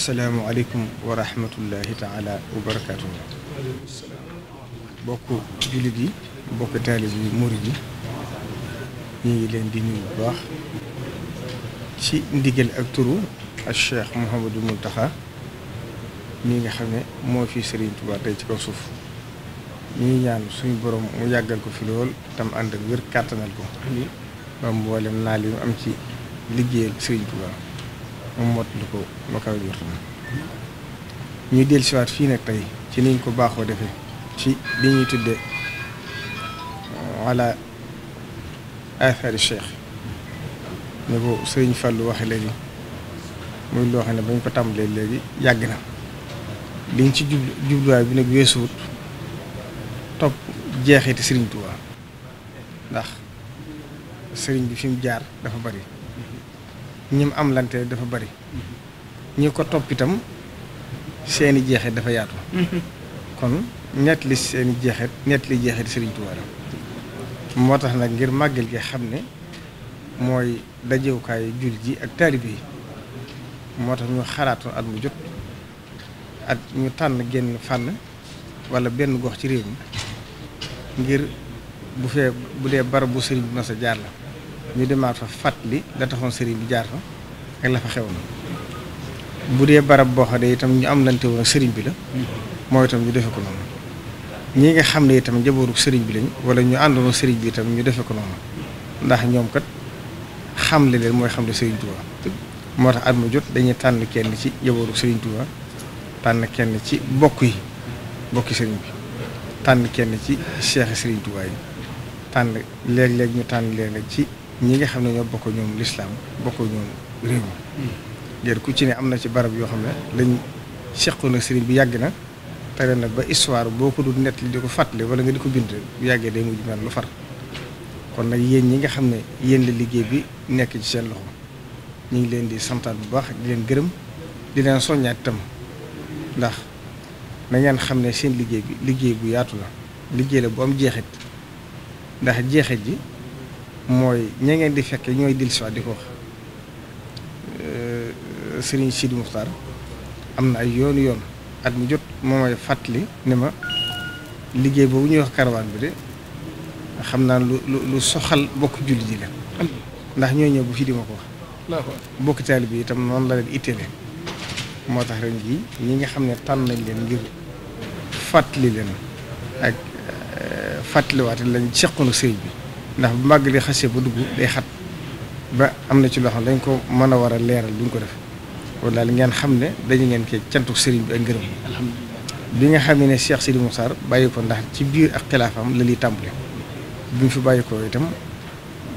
السلام عليكم ورحمة الله تعالى وبركاته. بكو جلدي بكو تالي موردي ني لين ديني باخ شي ديغل اك تورو الشيخ محمد المنتخى ميغا خاني مو في سيرين توبا تاي كوسوف ني نيان سوني بروم مو ياغال تم عندك لول تام اندك وير كاتانال كو ني بام نالي ام سي ليغيال سيرين moom mottali ko lu kaw jortam ñuy dellusiwaat fii nag tey ci niñ ko baaxoo defe ci li ñuy tudde euh, ala athari cheikh ni ko sëriñ lu waxe léegi muy loo xam ne bañ ko tàmbalee léegi yàgg na liñ ci jub jubluwaay bi nag weesuwut topp jeexiti sëriñ Touba ndax sëriñ bi fi jaar dafa bari ñim am lante dafa bari ñi ko topp itam seeni jeexit dafa yaatu kon ñett seeni jeexit ñett li jeexit Sëriñ Tuubaa moo tax nag ngir màggal gi xam ne mooy dajewukaay jul ji ak taalibe yi moo tax ñu xalaatoon at mu jot at ñu tànn génn fànn wala benn gox ci réew mi ngir bu fee bu dee barab bu sëriñ bu mas a jaar la ñu demaat fa fàttali la taxoon sëriñ bi jaar fa ak la fa xewoon bu dee barab boo xam itam ñu am lante woon sëriñ bi la mooy itam ñu defe ko noonu ñi nga xam ne itam njabootu sëriñ bi lañ wala ñu àndoon sëriñ bi itam ñu defe ko noonu ndax ñoom kat xamle leen mooy xam ne sëriñ Touba moo tax at mu jot dañuy tànn kenn ci njabootu sëriñ Touba tànn kenn ci bokk yi bokki sëriñ bi tànn kenn ci cheikh sëriñ Touba yi tànn léeg-léeg ñu tànn leen ci ñi nga xam ne ñoo bokk ñoom lislaam bokk ñoom réew mi ngir ku ci ne am na ci barab yoo xam ne lañ seqoon ak sëriñ bi yàgg na te ren ba histoire boo ko dul nett li di ko fàttale wala nga di ko bind bu yàggee day mujj mel lu far kon nag yéen ñi nga xam ne yéen la liggéey bi nekk ci seen loxo ñu ngi leen di santaat bu baax di leen gërëm di leen soññaat itam ndax na ngeen xam ne seen liggéey bi liggéey bu yaatu la liggéey la bu am jeexit ndax jeexit ji mooy ña ngeen di fekke ñooy dil si di ko wax euh, sëriñ Sidi Muxtaar am na ay yoon yoon at mu jot moo may fàttali ne ma liggéey boobu ñuy wax karawaan bi de xam naa lu lu soxal bokk jullit yi la ndax ñoo ñëw bu fi di ma ko bokk taali bi itam noonu la leen itteele moo tax ren jii ñi nga xam ne tànn nañ leen ngir fàttali leen ak euh, fàttaliwaate lañ seqoon sëriñ bi ndax bu màgg li xasee ba dugg day xat ba am na ci loo xam dañ ko mën a war a leeral duñ ko def wala daal ngeen xam ne dañu ngeen kee cantuk sëriñ bi ak ngërëm bi nga xam ne Cheikh Sidi Moussa bàyyi ko ndax ci biir ak xilaafam la lii tàmbale bi mu fi bàyyi ko itam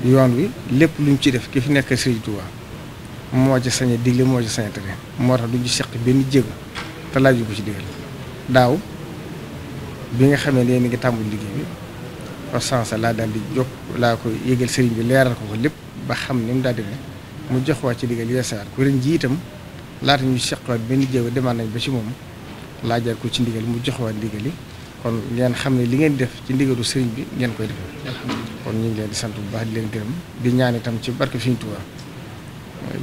yoon wi lépp lu ñu ci def ki fi nekk sëriñ Tuubaa moo ci sañ a digle moo ci sañ a tere moo tax duñu seq benn jéego te laaju ko ci digal daaw bi nga xam ne yéen a ngi tàmbali liggéey bi conscience laa daal di jóg laa ko yëgal sëriñ bi leeral ko ko lépp ba xam ni mu daal di mu jox waa ci digal yeesaar ko ren ji itam laata ñu seqaat benn jéego demaat nañ ba ci moom laajar ko ci ndigal mu jox waa ndigal yi ngeen xam ne li ngeen def ci ndigalu sëriñ bi ngeen koy kon ñu ngi leen di sant bu baax di leen gërëm di ñaan itam ci barke Sëriñ Tuubaa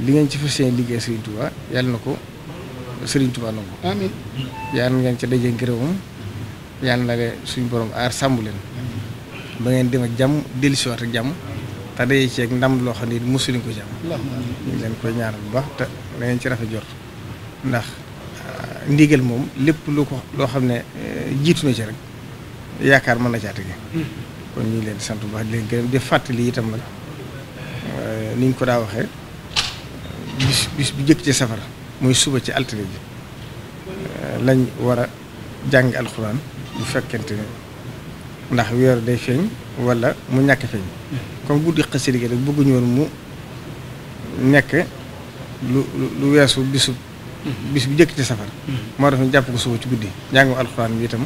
li ngeen ci fas yéene liggéey Sëriñ Tuubaa yàlla na ko Sëriñ Tuubaa nangu amiin yàlla ngeen ci daje ngërëmam yàlla na suñ suñu borom aar sàmm leen ba ngeen dem jàmm dellusiwaat ak jàmm te day ceeg ndam loo xam ne mosuñu ko jàmm ñu ngi leen koy ñaar bu baax te na ngeen ci rafet jot ndax ah, ndigal moom lépp lu ko loo xam ne eh, jiitu na ci rek yaakaar mën na caa tege hmm. kon ñu leen di sant bu baax di leen gërëm di fàttali itam nag eh, ni ñu ko daa waxee bis bis bu jëkk ci safara muy suba ci altine bi eh, lañ war a jàng alxuraan bu fekkente ne ndax weer day feeñ wala mu ñàkk feeñ comme guddi xasida gi rek bëgguñu woon mu nekk lu lu weesu bisu bis bu jëkk ci safar moo tax ñu jàpp ko suba ci guddi njàngum alxuraan bi itam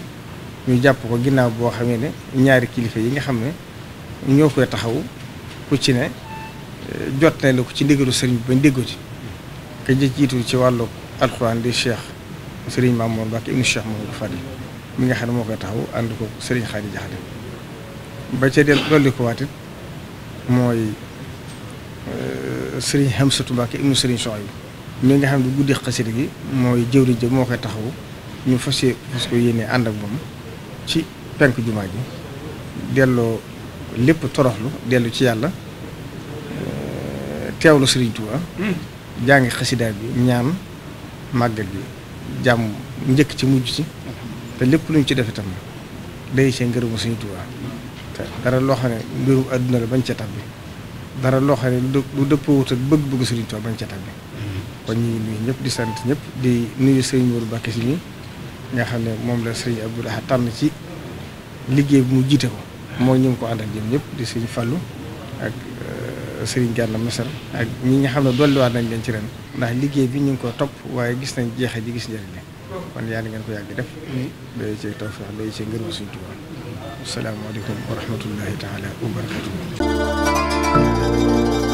ñu jàpp ko ginnaaw boo xamee ne ñaari kilifa yi nga xam ne ñoo koy taxaw ku ci ne eh, jot na la ko ci ndigalu sëriñ bi bañ déggoo ci ka jiitu ci wàllu alxuraan di cheikh sëriñ Mamour Mbacke ibnu cheikh Mamadou Fadil mi nga xam ne moo koy taxaw ànd ko sëriñ Khady Diakhaté ba ca del dolli ko waat it mooy euh, Serigne Hamsatou Mbacké ibnu Serigne Souhaïbou mi nga xam ne guddi xasida gi mooy jëwriñ jëm moo koy taxaw ñu fas fas ko yéene ànd ak moom ci penk jumaa ji delloo lépp toroxlu dellu ci yàlla euh, teewlu Serigne Touba jàngi xasida bi ñaan màgget bi jàmm njëkk ci mujj si te lépp luñ ci def itam day see ngërëmu suñu Tuubaa te dara loo xam ne mbirum àdduna la bañ ca tabbi dara loo xam ne lu dëppoo wut ak bëgg-bëgg Sëriñ Tuubaa bañ ca tabbi kon ñu ngi nuyu ñëpp di sant ñëpp di nuyu Sëriñ Moodu Mbàkke si mi nga xam ne moom la Sëriñ Abdou Lahad tànn ci liggéey bi mu jiite ko moo ñu ngi ko àndal jëm ñëpp di Sëriñ Fàllu ak euh, Sëriñ Gànna Mesar ak ñi ña xam ne dolliwaat nañ leen ci ren ndax liggéey bi ñu ngi ko topp waaye gis nañ jeexee ji gis njëriñ kon yàlla ngeen ko yàgg def day ci tawfeex day ci ngërëm suñu Tuubaa asalaamaaleykum wa rahmatullahi taala wa barakatuh